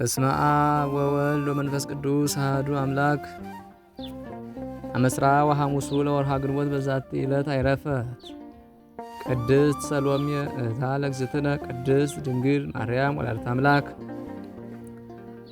በስመ አብ ወወልድ ወመንፈስ ቅዱስ አሐዱ አምላክ አመስራ ወሐሙሱ ለወርሃ ግንቦት በዛቲ ዕለት አይረፈት ቅድስት ሰሎሜ እታ ለእግዝእትነ ቅድስት ድንግል ማርያም ወላዲተ አምላክ።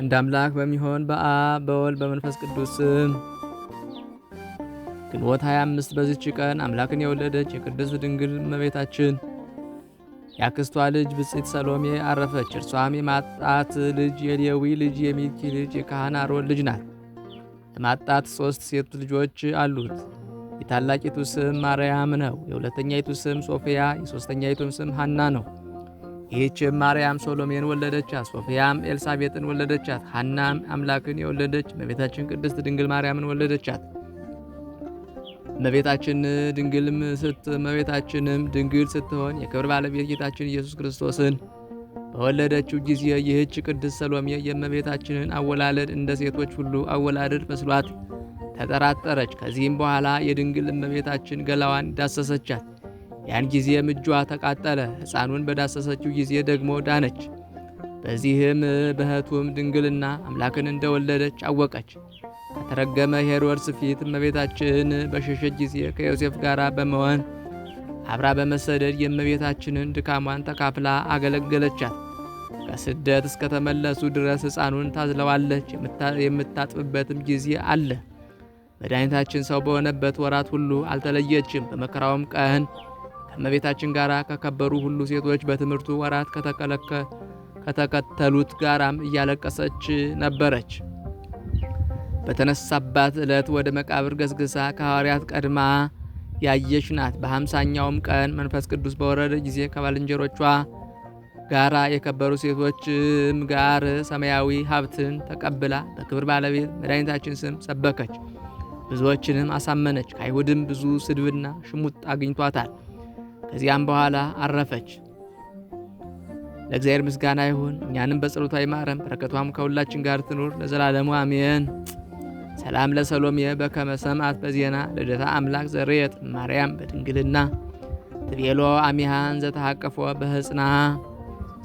አንድ አምላክ በሚሆን በአብ በወልድ በመንፈስ ቅዱስ ስም ግንቦት 25 በዚች ቀን አምላክን የወለደች የቅድስት ድንግል እመቤታችን የአክስቷ ልጅ ብጽት ሰሎሜ አረፈች። እርሷም የማጣት ልጅ የሌዊ ልጅ የሚልኪ ልጅ የካህን አሮን ልጅ ናት። የማጣት ሶስት ሴት ልጆች አሉት። የታላቂቱ ስም ማርያም ነው። የሁለተኛይቱ ስም ሶፊያ፣ የሦስተኛይቱም ስም ሐና ነው። ይህችም ማርያም ሶሎሜን ወለደቻት። ሶፊያም ኤልሳቤጥን ወለደቻት። ሐናም አምላክን የወለደች እመቤታችን ቅድስት ድንግል ማርያምን ወለደቻት። እመቤታችን ድንግልም ስት እመቤታችንም ድንግል ስትሆን የክብር ባለቤት ጌታችን ኢየሱስ ክርስቶስን በወለደችው ጊዜ ይህች ቅድስት ሰሎሜ የእመቤታችንን አወላለድ እንደ ሴቶች ሁሉ አወላለድ መስሏት ተጠራጠረች። ከዚህም በኋላ የድንግል እመቤታችን ገላዋን ዳሰሰቻት። ያን ጊዜ እጇ ተቃጠለ። ሕፃኑን በዳሰሰችው ጊዜ ደግሞ ዳነች። በዚህም በሕቱም ድንግልና አምላክን እንደወለደች አወቀች። ከተረገመ ሄሮድስ ፊት እመቤታችን በሸሸች ጊዜ ከዮሴፍ ጋር በመሆን አብራ በመሰደድ የእመቤታችንን ድካሟን ተካፍላ አገለገለቻት። ከስደት እስከተመለሱ ድረስ ሕፃኑን ታዝለዋለች፣ የምታጥብበትም ጊዜ አለ። መድኃኒታችን ሰው በሆነበት ወራት ሁሉ አልተለየችም። በመከራውም ቀን ከእመቤታችን ጋር ከከበሩ ሁሉ ሴቶች በትምህርቱ ወራት ከተከተሉት ጋራም እያለቀሰች ነበረች። በተነሳባት ዕለት ወደ መቃብር ገስግሳ ከሐዋርያት ቀድማ ያየች ናት። በሀምሳኛውም ቀን መንፈስ ቅዱስ በወረደ ጊዜ ከባልንጀሮቿ ጋራ የከበሩ ሴቶችም ጋር ሰማያዊ ሀብትን ተቀብላ በክብር ባለቤት መድኃኒታችን ስም ሰበከች፣ ብዙዎችንም አሳመነች። ከአይሁድም ብዙ ስድብና ሽሙጥ አግኝቷታል። ከዚያም በኋላ አረፈች። ለእግዚአብሔር ምስጋና ይሁን። እኛንም በጸሎቷ ይማረን፣ በረከቷም ከሁላችን ጋር ትኑር ለዘላለሙ አሜን። ሰላም ለሰሎሜ በከመ በዜና ልደታ አምላክ ዘርየት ማርያም በድንግልና ትቤሎ አሚሃን ዘተሃቀፎ በህፅና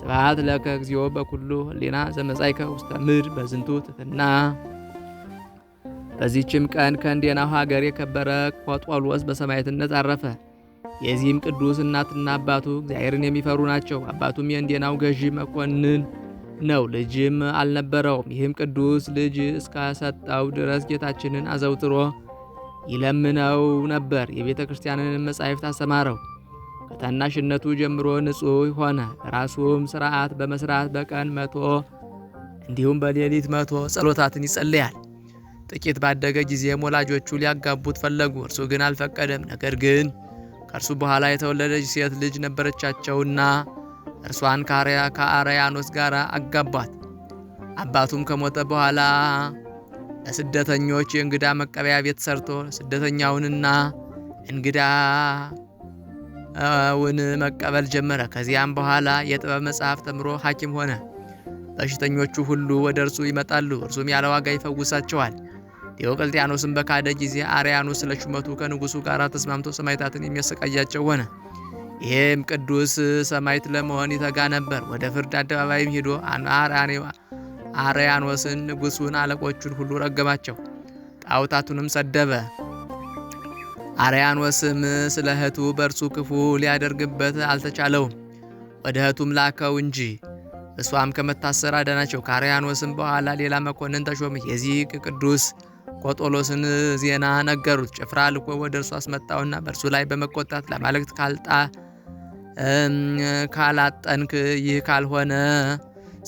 ስብሐት ለከ እግዚኦ በኩሉ ህሊና ዘመጻይከ ውስተ ምድር በዝንቱ ትፍና። በዚህችም ቀን ከእንዴናው ሀገር የከበረ ቆጵሮስ በሰማዕትነት አረፈ። የዚህም ቅዱስ እናትና አባቱ እግዚአብሔርን የሚፈሩ ናቸው። አባቱም የእንዴናው ገዢ መኮንን ነው። ልጅም አልነበረውም። ይህም ቅዱስ ልጅ እስከሰጠው ድረስ ጌታችንን አዘውትሮ ይለምነው ነበር። የቤተ ክርስቲያንን መጻሕፍት አስተማረው። ከታናሽነቱ ጀምሮ ንጹሕ ሆነ። ራሱም ስርዓት በመስራት በቀን መቶ እንዲሁም በሌሊት መቶ ጸሎታትን ይጸልያል። ጥቂት ባደገ ጊዜም ወላጆቹ ሊያጋቡት ፈለጉ። እርሱ ግን አልፈቀደም። ነገር ግን ከእርሱ በኋላ የተወለደች ሴት ልጅ ነበረቻቸውና እርሷን ከአርያኖስ ጋር አጋቧት። አባቱም ከሞተ በኋላ ለስደተኞች የእንግዳ መቀበያ ቤት ሰርቶ ስደተኛውንና እንግዳውን መቀበል ጀመረ። ከዚያም በኋላ የጥበብ መጽሐፍ ተምሮ ሐኪም ሆነ። በሽተኞቹ ሁሉ ወደ እርሱ ይመጣሉ፣ እርሱም ያለ ዋጋ ይፈውሳቸዋል። ዲዮቅልጥያኖስን በካደ ጊዜ አርያኖስ ስለ ሹመቱ ከንጉሡ ጋር ተስማምቶ ሰማዕታትን የሚያሰቃያቸው ሆነ። ይህም ቅዱስ ሰማዕት ለመሆን ይተጋ ነበር። ወደ ፍርድ አደባባይም ሂዶ አርያኖስን፣ ንጉሱን፣ አለቆቹን ሁሉ ረገማቸው፣ ጣዖታቱንም ሰደበ። አርያኖስም ስለ እህቱ በእርሱ ክፉ ሊያደርግበት አልተቻለውም፣ ወደ እህቱም ላከው እንጂ እሷም ከመታሰር አዳናቸው። ከአርያኖስም በኋላ ሌላ መኮንን ተሾመ። የዚህ ቅዱስ ቆጦሎስን ዜና ነገሩት። ጭፍራ ልኮ ወደ እርሱ አስመጣውና በእርሱ ላይ በመቆጣት ለማልክት ካልጣ ካላጠንክ ይህ ካልሆነ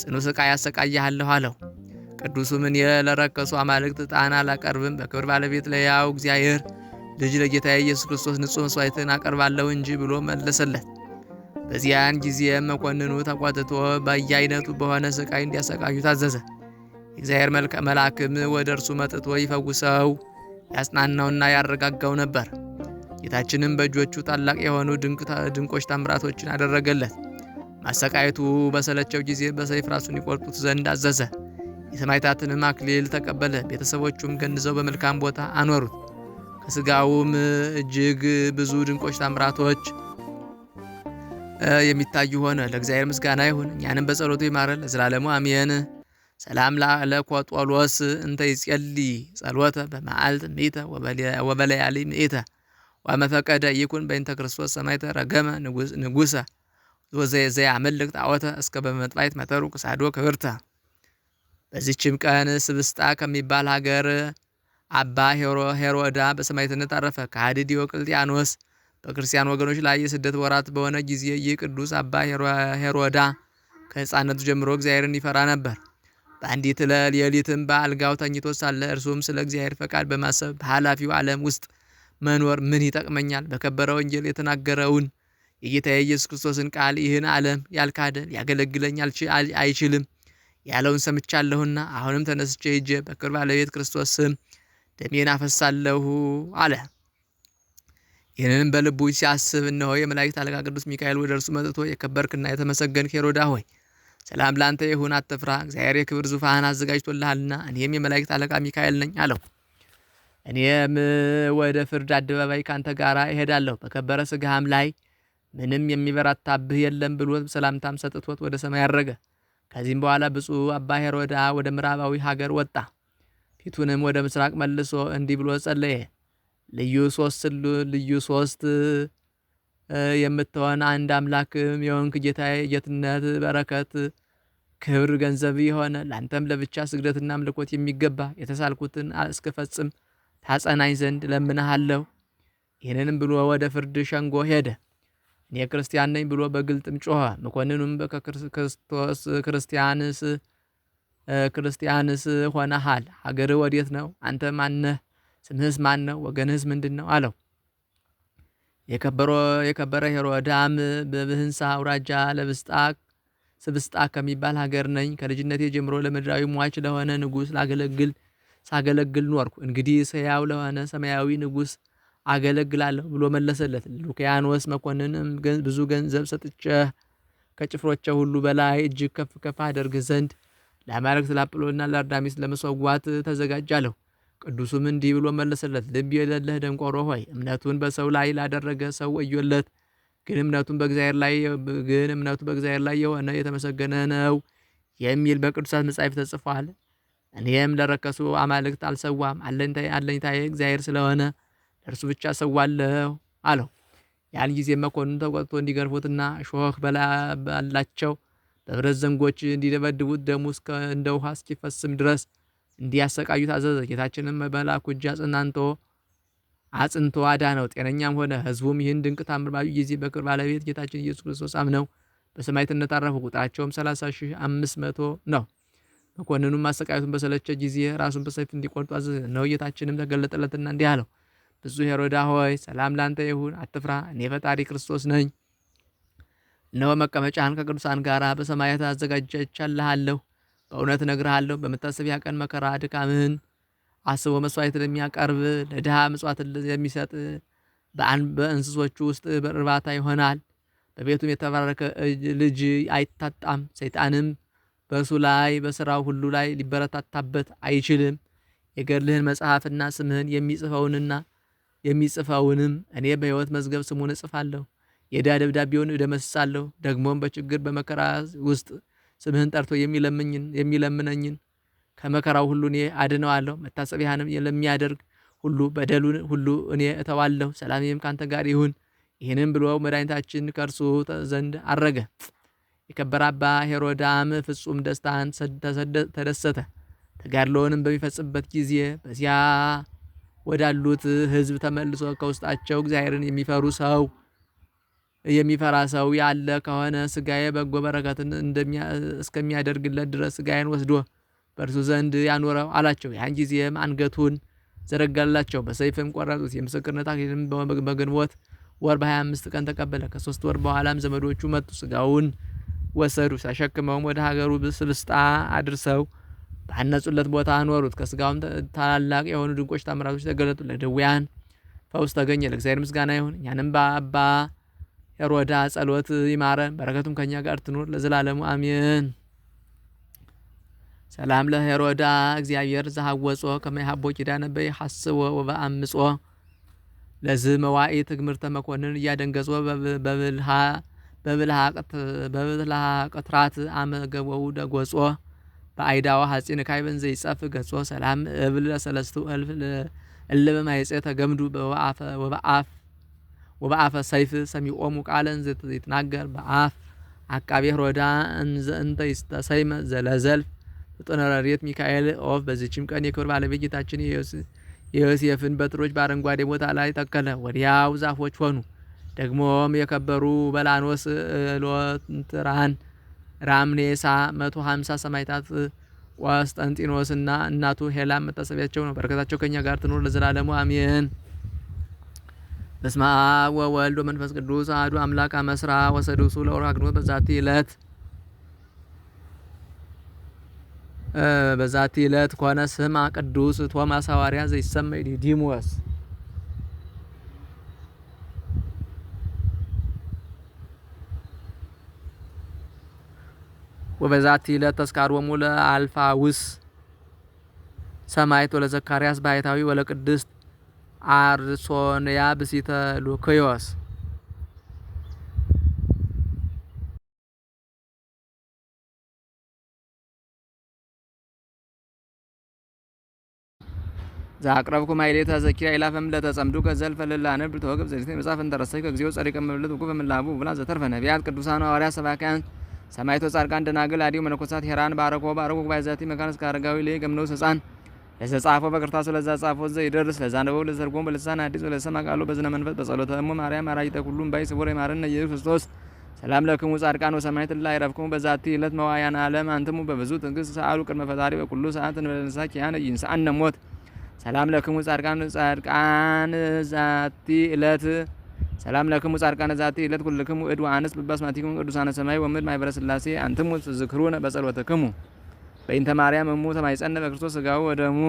ጽኑ ስቃይ ያሰቃይሃለሁ አለው። ቅዱሱ ምን ለረከሱ አማልክት ጣን አላቀርብም፣ በክብር ባለቤት ለያው እግዚአብሔር ልጅ ለጌታ ኢየሱስ ክርስቶስ ንጹሕ መሥዋዕትን አቀርባለሁ እንጂ ብሎ መለሰለት። በዚያን ጊዜ መኮንኑ ተቆጥቶ በየአይነቱ በሆነ ስቃይ እንዲያሰቃዩ ታዘዘ። መልከ መልአክም ወደ እርሱ መጥቶ ይፈውሰው ያጽናናውና ያረጋጋው ነበር። ጌታችንም በእጆቹ ታላቅ የሆኑ ድንቆች ታምራቶችን አደረገለት። ማሰቃየቱ በሰለቸው ጊዜ በሰይፍ ራሱን ይቆርጡት ዘንድ አዘዘ። የሰማዕትነትንም አክሊል ተቀበለ። ቤተሰቦቹም ገንዘው በመልካም ቦታ አኖሩት። ከስጋውም እጅግ ብዙ ድንቆች ታምራቶች የሚታዩ ሆነ። ለእግዚአብሔር ምስጋና ይሁን፣ እኛንም በጸሎቱ ይማረን ለዘላለሙ አሜን። ሰላም ለኮጦሎስ እንተ ይጸልይ ጸሎተ በመዓልት ምእተ ወበለያሊ ምእተ ወመፈቀደ ይኩን በእንተ ክርስቶስ ሰማዕተ ረገመ ንጉሰ ዘያመልክ ጣዖተ እስከ በመጥፋት መተሩ ቅሳዶ ክብርተ። በዚችም ቀን ስብስጣ ከሚባል ሀገር አባ ሄሮዳ በሰማዕትነት አረፈ። ከሃዲ ዲዮቅልጥያኖስ በክርስቲያን ወገኖች ላይ የስደት ወራት በሆነ ጊዜ ይህ ቅዱስ አባ ሄሮዳ ከሕፃነቱ ጀምሮ እግዚአብሔርን ይፈራ ነበር። በአንዲት ሌሊትም በአልጋው ተኝቶ ሳለ እርሱም ስለ እግዚአብሔር ፈቃድ በማሰብ በኃላፊው ዓለም ውስጥ መኖር ምን ይጠቅመኛል? በከበረ ወንጌል የተናገረውን የጌታ የኢየሱስ ክርስቶስን ቃል ይህን ዓለም ያልካደ ሊያገለግለኝ አይችልም ያለውን ሰምቻለሁና አሁንም ተነስቼ ሄጄ በክብር ባለቤት ክርስቶስ ስም ደሜን አፈሳለሁ አለ። ይህንንም በልቡ ሲያስብ እነሆ የመላእክት አለቃ ቅዱስ ሚካኤል ወደ እርሱ መጥቶ የከበርክና የተመሰገንክ ሄሮዳ ሆይ ሰላም ላንተ ይሁን፣ አትፍራ፣ እግዚአብሔር የክብር ዙፋን አዘጋጅቶልሃልና እኔም የመላእክት አለቃ ሚካኤል ነኝ አለው። እኔም ወደ ፍርድ አደባባይ ካንተ ጋር እሄዳለሁ፣ በከበረ ስግሃም ላይ ምንም የሚበራታብህ የለም ብሎ ሰላምታም ሰጥቶት ወደ ሰማይ አረገ። ከዚህም በኋላ ብፁዕ አባ ሄሮዳ ወደ ምዕራባዊ ሀገር ወጣ። ፊቱንም ወደ ምስራቅ መልሶ እንዲህ ብሎ ጸለየ። ልዩ ሶስት ልዩ ሶስት የምትሆን አንድ አምላክም የሆንክ ጌታ ጌትነት፣ በረከት፣ ክብር ገንዘብ የሆነ ለአንተም ለብቻ ስግደትና አምልኮት የሚገባ የተሳልኩትን እስክፈጽም ታጸናኝ ዘንድ ለምንሃለሁ። ይህንንም ብሎ ወደ ፍርድ ሸንጎ ሄደ። እኔ ክርስቲያን ነኝ ብሎ በግልጥም ጮኸ። መኮንኑም ከክርስቶስ ክርስቲያንስ ክርስቲያንስ ሆነሃል፣ ሀገርህ ወዴት ነው? አንተ ማነህ? ስምህስ ማን ነው? ወገንህስ ምንድን ነው? አለው። የከበረ ሄሮዳም በብህንሳ አውራጃ ለብስጣ ስብስጣ ከሚባል ሀገር ነኝ። ከልጅነቴ ጀምሮ ለምድራዊ ሟች ለሆነ ንጉሥ ላገለግል ሳገለግል ኖርኩ። እንግዲህ ሰያው ለሆነ ሰማያዊ ንጉሥ አገለግላለሁ ብሎ መለሰለት። ሉክያኖስ መኮንንም ብዙ ገንዘብ ሰጥቸ ከጭፍሮቼ ሁሉ በላይ እጅግ ከፍ ከፍ አደርግ ዘንድ ለአማልክት ለአጵሎንና ለአርዳሚስ ለመሰዋት ተዘጋጃለሁ። ቅዱሱም እንዲህ ብሎ መለሰለት፣ ልብ የሌለህ ደንቆሮ ሆይ እምነቱን በሰው ላይ ላደረገ ሰው ወዮለት። ግን እምነቱን በእግዚአብሔር ላይ ግን እምነቱ በእግዚአብሔር ላይ የሆነ የተመሰገነ ነው የሚል በቅዱሳት መጻሕፍት ተጽፏል። እኔም ለረከሱ አማልክት አልሰዋም፣ አለኝታዬ እግዚአብሔር ስለሆነ ለእርሱ ብቻ ሰዋለሁ አለው። ያን ጊዜ መኮንኑ ተቆጥቶ እንዲገርፉትና እሾህ ባላቸው በብረት ዘንጎች እንዲደበድቡት ደሙ እንደ ውሃ እስኪፈስም ድረስ እንዲያሰቃዩት አዘዘ። ጌታችንም በመልአኩ እጅ አጽናንቶ አጽንቶ አዳነው፣ ጤነኛም ሆነ። ህዝቡም ይህን ድንቅ ታምር ባዩ ጊዜ በክብር ባለቤት ጌታችን ኢየሱስ ክርስቶስ አምነው በሰማዕትነት አረፉ። ቁጥራቸውም ሰላሳ ሺህ አምስት መቶ ነው። መኮንኑም ማሰቃየቱን በሰለቸ ጊዜ ራሱን በሰይፍ እንዲቆርጡ አዘዘ። ነው ተገለጠለትና እንዲህ አለው፣ ብዙ ሄሮዳ ሆይ ሰላም ላንተ ይሁን፣ አትፍራ፣ እኔ ፈጣሪ ክርስቶስ ነኝ። እነሆ መቀመጫህን ከቅዱሳን ጋር በሰማያት አዘጋጀቻልሃለሁ። በእውነት እነግርሃለሁ በመታሰቢያ ቀን መከራ ድካምህን አስቦ መስዋዕት ለሚያቀርብ ለድሃ ምጽዋት የሚሰጥ በእንስሶቹ ውስጥ በእርባታ ይሆናል። በቤቱም የተባረከ ልጅ አይታጣም። ሰይጣንም በእሱ ላይ በሥራው ሁሉ ላይ ሊበረታታበት አይችልም። የገድልህን መጽሐፍና ስምህን የሚጽፈውንና የሚጽፈውንም እኔ በሕይወት መዝገብ ስሙን እጽፋለሁ። የዕዳ ደብዳቤውን እደመስሳለሁ። ደግሞም በችግር በመከራ ውስጥ ስምህን ጠርቶ የሚለምነኝን ከመከራው ሁሉ እኔ አድነዋለሁ። መታሰቢያንም ለሚያደርግ ሁሉ በደሉን ሁሉ እኔ እተዋለሁ። ሰላሜም ካንተ ጋር ይሁን። ይህንም ብሎ መድኃኒታችን ከእርሱ ዘንድ አረገ። የከበረ አባ ሄሮዳም ፍጹም ደስታን ተደሰተ። ተጋድሎውንም በሚፈጽምበት ጊዜ በዚያ ወዳሉት ሕዝብ ተመልሶ ከውስጣቸው እግዚአብሔርን የሚፈሩ ሰው የሚፈራ ሰው ያለ ከሆነ ስጋዬ በጎ በረከትን እስከሚያደርግለት ድረስ ስጋዬን ወስዶ በእርሱ ዘንድ ያኖረው አላቸው። ያን ጊዜም አንገቱን ዘረጋላቸው፣ በሰይፍም ቆረጡት። የምስክርነት አክሊልም በግንቦት ወር በ25 ቀን ተቀበለ። ከሶስት ወር በኋላም ዘመዶቹ መጡ ስጋውን ወሰዱ አሸክመውም ወደ ሀገሩ ስብስጣ አድርሰው ባነጹለት ቦታ አኖሩት። ከስጋውም ታላላቅ የሆኑ ድንቆች ታምራቶች ተገለጡ። ለድውያን ፈውስ ተገኘ። ለእግዚአብሔር ምስጋና ይሁን። እኛንም በአባ የሮዳ ጸሎት ይማረን፣ በረከቱም ከእኛ ጋር ትኑር ለዘላለሙ አሜን። ሰላም ለሄሮዳ እግዚአብሔር ዘሃወጾ ከመይሃቦ ኪዳነ በይሐስቦ ወበአምጾ ለዝ መዋኢ ትግምር መኮንን እያደንገጾ በብልሃ ቅትራት አመገበው ደጐጾ በአይዳዋ ሀጺ ካይበን ዘይጸፍ ገጾ ሰላም እብል ለሰለስቱ እልፍ እልበ ማይጼ ተገምዱ ወበአፈ ሰይፍ ሰሚቆሙ ቃለን ዘይትናገር በአፍ አቃቤ ሮዳ እንተ ይስተሰይመ ዘለዘልፍ ጥነረሬት ሚካኤል ኦፍ በዚችም ቀን የክብር ባለቤት ጌታችን የዮሴፍን በትሮች በአረንጓዴ ቦታ ላይ ተከለ። ወዲያው ዛፎች ሆኑ። ደግሞም የከበሩ በላኖስ ሎትራን፣ ራምኔሳ፣ መቶ ሀምሳ ሰማዕታት ቆስጠንጢኖስና እናቱ ሄላ መታሰቢያቸው ነው። በረከታቸው ከኛ ጋር ትኑር ለዘላለሙ አሜን። በስመ አብ ወወልድ ወመንፈስ ቅዱስ አሐዱ አምላክ አመስራ ወሰዱሱ ለወርኃ ግንቦት በዛቲ ዕለት በዛቲ ዕለት ኮነ ስማ ቅዱስ ቶማስ ሐዋርያ ዘይሰመይ ዲዲሞስ ወበዛቲ ዕለት ተስካሮሙ ለአልፋውስ ሰማዕት ወለዘካርያስ ባሕታዊ ወለቅድስት አርሶንያ ብሲተ ሉክዮስ ዛቅረብኩ ማይሌታ ዘኪራ ኢላፈም ለተጸምዱ ከዘልፈ ነብር ተወግብ ዘሪት መጻፍ እንተረሰይ ከግዚኦ ጸሪቀ መብለት ወቁ ፈምላቡ ብላ ዘተርፈ ነቢያት ቅዱሳን ሐዋርያ ሰባካያን ሰማይቶ ጻድቃን ደናግል አዲው መነኮሳት ሄራን ባረኮ ባረኮ ባይዛቲ ዛቲ መካንስ ካረጋዊ ለ ገምነው ሰጻን ለተጻፈው በቅርታስ ለዛ ጻፈው ዘ ይደርስ ነው ለዘርጎም በልሳን አዲስ ለሰማ ቃሉ በዝነ መንፈስ በጸሎተ እሙ ማርያም አራይተ ሁሉም ባይ ስቡር የማረነ ኢየሱስ ክርስቶስ ሰላም ለክሙ ጻድቃን ወሰማይት ላይ ረፍኩም በዛቲ ዕለት መዋያን ዓለም አንትሙ በብዙ ትንግስ ሰአሉ ቅድመ ፈጣሪ በኩሉ ሰዓት እንበለንሳ ኪያነ ይንሳአነ ሞት ሰላም ለክሙ ጻድቃን ጻድቃን ዛቲ ዕለት ሰላም ለክሙ ጻድቃነ ዛቲ ዕለት ኩልክሙ እድ ወአንስት በአስማቲክሙ ቅዱሳነ ሰማይ ወምድ ማኅበረ ሥላሴ አንትሙ ትዝክሩነ በጸሎትክሙ በእንተ ማርያም እሙ ተማይጸነ በክርስቶስ ሥጋው ወደሙ